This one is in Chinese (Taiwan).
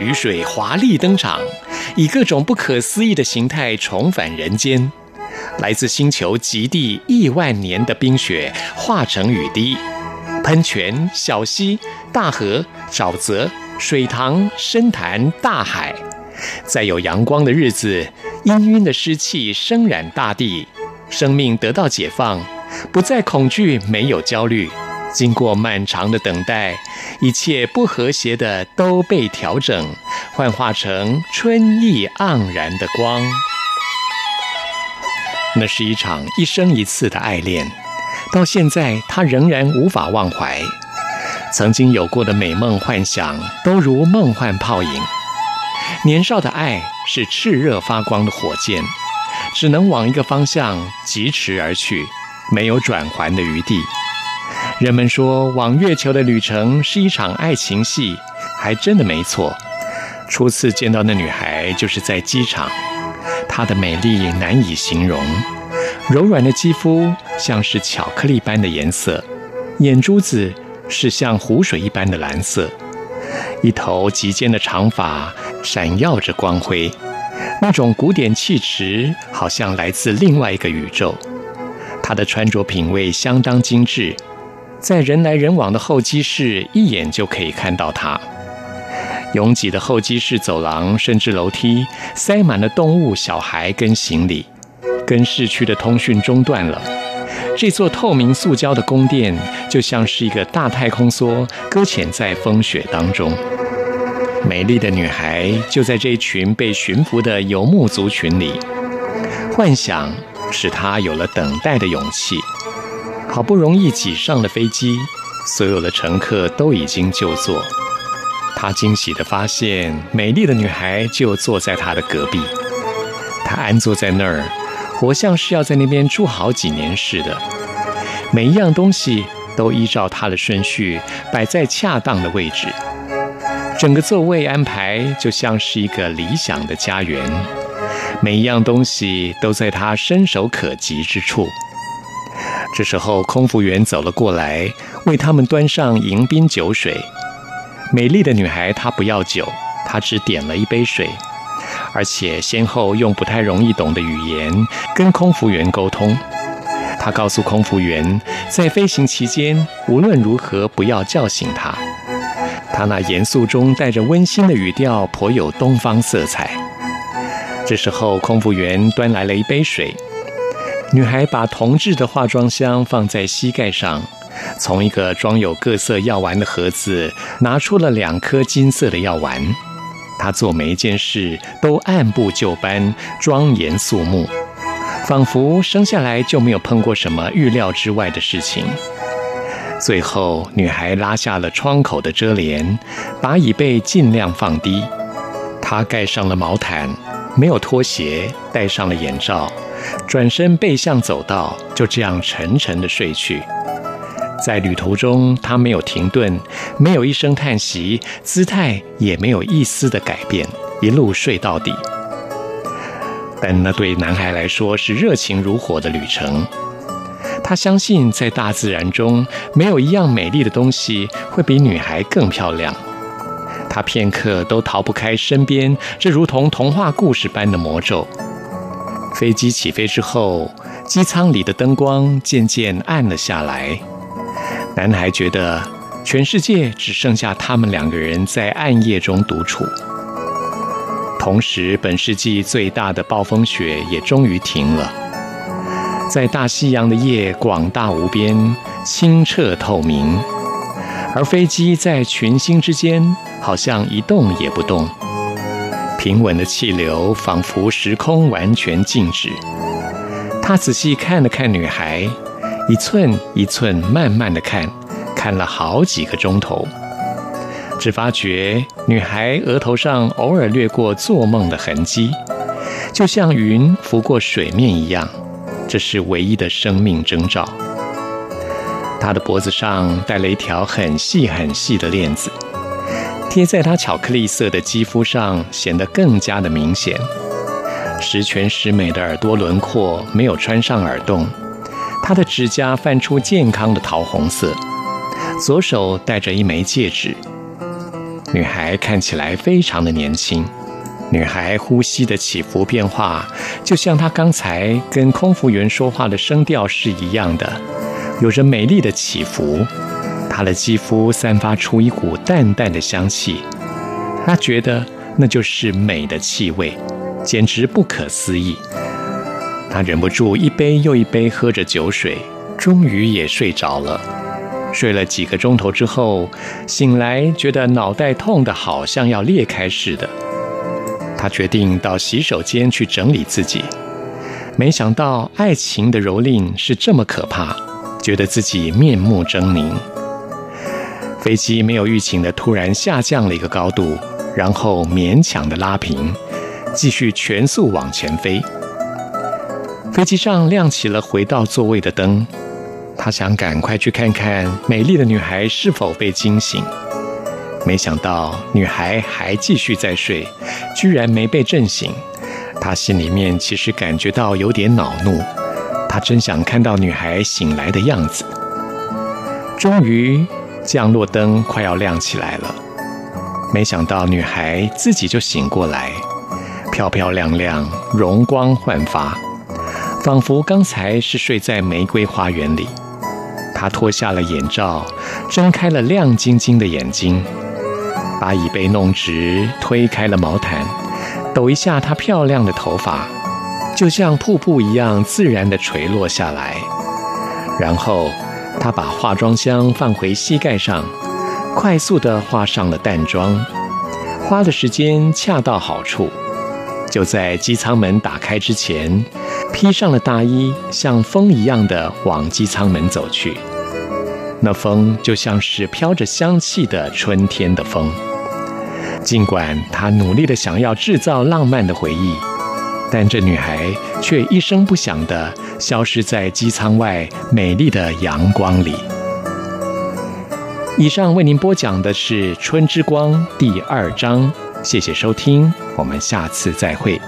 雨水華麗登場，以各種不可思議的形態重返人間。來自星球極地億萬年的冰雪化成雨滴，噴泉、小溪、大河、沼澤、水塘、深潭、大海，在有陽光的日子，氤氲的濕氣升染大地，生命得到解放，不再恐懼，沒有焦慮。經過漫長的等待，一切不和諧的都被調整，幻化成春意盎然的光。那是一場一生一次的愛戀，到現在他仍然無法忘懷。曾經有過的美夢幻想，都如夢幻泡影。年少的愛是熾熱發光的火箭，只能往一個方向疾馳而去，沒有轉圜的餘地。人們說，往月球的旅程是一場愛情戲，還真的沒錯。初次見到那女孩就是在機場，她的美麗難以形容，柔軟的肌膚像是巧克力般的顏色，眼珠子是像湖水一般的藍色，一頭及肩的長髮閃耀着光輝，那種古典氣質好像來自另外一個宇宙。她的穿着品味相當精致。在人來人往的候機室，一眼就可以看到它。擁擠的候機室走廊甚至樓梯，塞滿了動物、小孩跟行李，跟市區的通訊中斷了。這座透明塑膠的宮殿，就像是一個大太空梭，擱淺在風雪當中。美麗的女孩就在這群被馴服的游牧族群裡，幻想使她有了等待的勇氣。好不容易擠上了飛機，所有的乘客都已經就座。他驚喜地發現，美麗的女孩就坐在他的隔壁。她安坐在那兒，活像是要在那邊住好幾年似的。每一樣東西都依照她的順序擺在恰當的位置，整個座位安排就像是一個理想的家園。每一樣東西都在她伸手可及之處。這時候，空服員走了過來，為他們端上迎賓酒水。美麗的女孩她不要酒，她只點了一杯水，而且先後用不太容易懂的語言跟空服員溝通。她告訴空服員，在飛行期間無論如何不要叫醒她。她那嚴肅中帶着溫馨的語調頗有東方色彩。這時候，空服員端來了一杯水。女孩把銅製的化妝箱放在膝蓋上，從一個裝有各色藥丸的盒子拿出了兩顆金色的藥丸。她做每一件事都按部就班、莊嚴肅穆，仿佛生下來就沒有碰過什麼預料之外的事情。最後，女孩拉下了窗口的遮簾，把椅背儘量放低。她蓋上了毛毯，沒有脫鞋，戴上了眼罩。轉身背向走道，就這樣沉沉的睡去。在旅途中，他沒有停頓，沒有一聲嘆息，姿態也沒有一絲的改變，一路睡到底。但那對男孩來說是熱情如火的旅程。他相信，在大自然中，沒有一樣美麗的東西會比女孩更漂亮。他片刻都逃不開身邊這如同童話故事般的魔咒。飛機起飛之後，機艙裡的燈光漸漸暗了下來。男孩覺得，全世界只剩下他們兩個人在暗夜中獨處。同時，本世紀最大的暴風雪也終於停了。在大西洋的夜，廣大無邊，清澈透明，而飛機在群星之間，好像一動也不動。平穩的氣流仿佛時空完全靜止。他仔細看了看女孩，一寸一寸慢慢地看，看了好幾個鐘頭，只發覺女孩額頭上偶爾掠過做夢的痕跡，就像雲拂過水面一樣，這是唯一的生命徵兆。她的脖子上戴了一條很細很細的鏈子。貼在她巧克力色的肌膚上，顯得更加的明顯。十全十美的耳朵輪廓沒有穿上耳洞，她的指甲泛出健康的桃紅色，左手戴着一枚戒指。女孩看起來非常的年輕。女孩呼吸的起伏變化，就像她剛才跟空服員說話的聲調是一樣的，有着美麗的起伏。他的肌膚散發出一股淡淡的香氣，他覺得那就是美的氣味，簡直不可思議。他忍不住一杯又一杯喝着酒水，終於也睡着了。睡了幾個鐘頭之後，醒來覺得腦袋痛得好像要裂開似的。他決定到洗手間去整理自己，沒想到愛情的蹂躪是這麼可怕，覺得自己面目猙獰。飛機沒有預警的突然下降了一個高度，然後勉強的拉平，繼續全速往前飛。飛機上亮起了回到座位的燈，他想趕快去看看美麗的女孩是否被驚醒。沒想到女孩還繼續在睡，居然沒被震醒。他心裡面其實感覺到有點惱怒，他真想看到女孩醒來的樣子。終於，降落燈快要亮起來了，沒想到女孩自己就醒過來，漂漂亮亮，容光煥發，仿佛剛才是睡在玫瑰花園裡。她脫下了眼罩，睜開了亮晶晶的眼睛，把椅背弄直，推開了毛毯，抖一下她漂亮的頭髮，就像瀑布一樣自然的垂落下來，然後，她把化妝箱放回膝蓋上，快速的化上了淡妝，花的時間恰到好處，就在機艙門打開之前，披上了大衣，像風一樣的往機艙門走去。那風就像是飄着香氣的春天的風。儘管她努力的想要製造浪漫的回憶。但這女孩卻一聲不響地消失在機艙外美麗的陽光裡。以上為您播講的是《春之光》第二章，謝謝收聽，我們下次再會。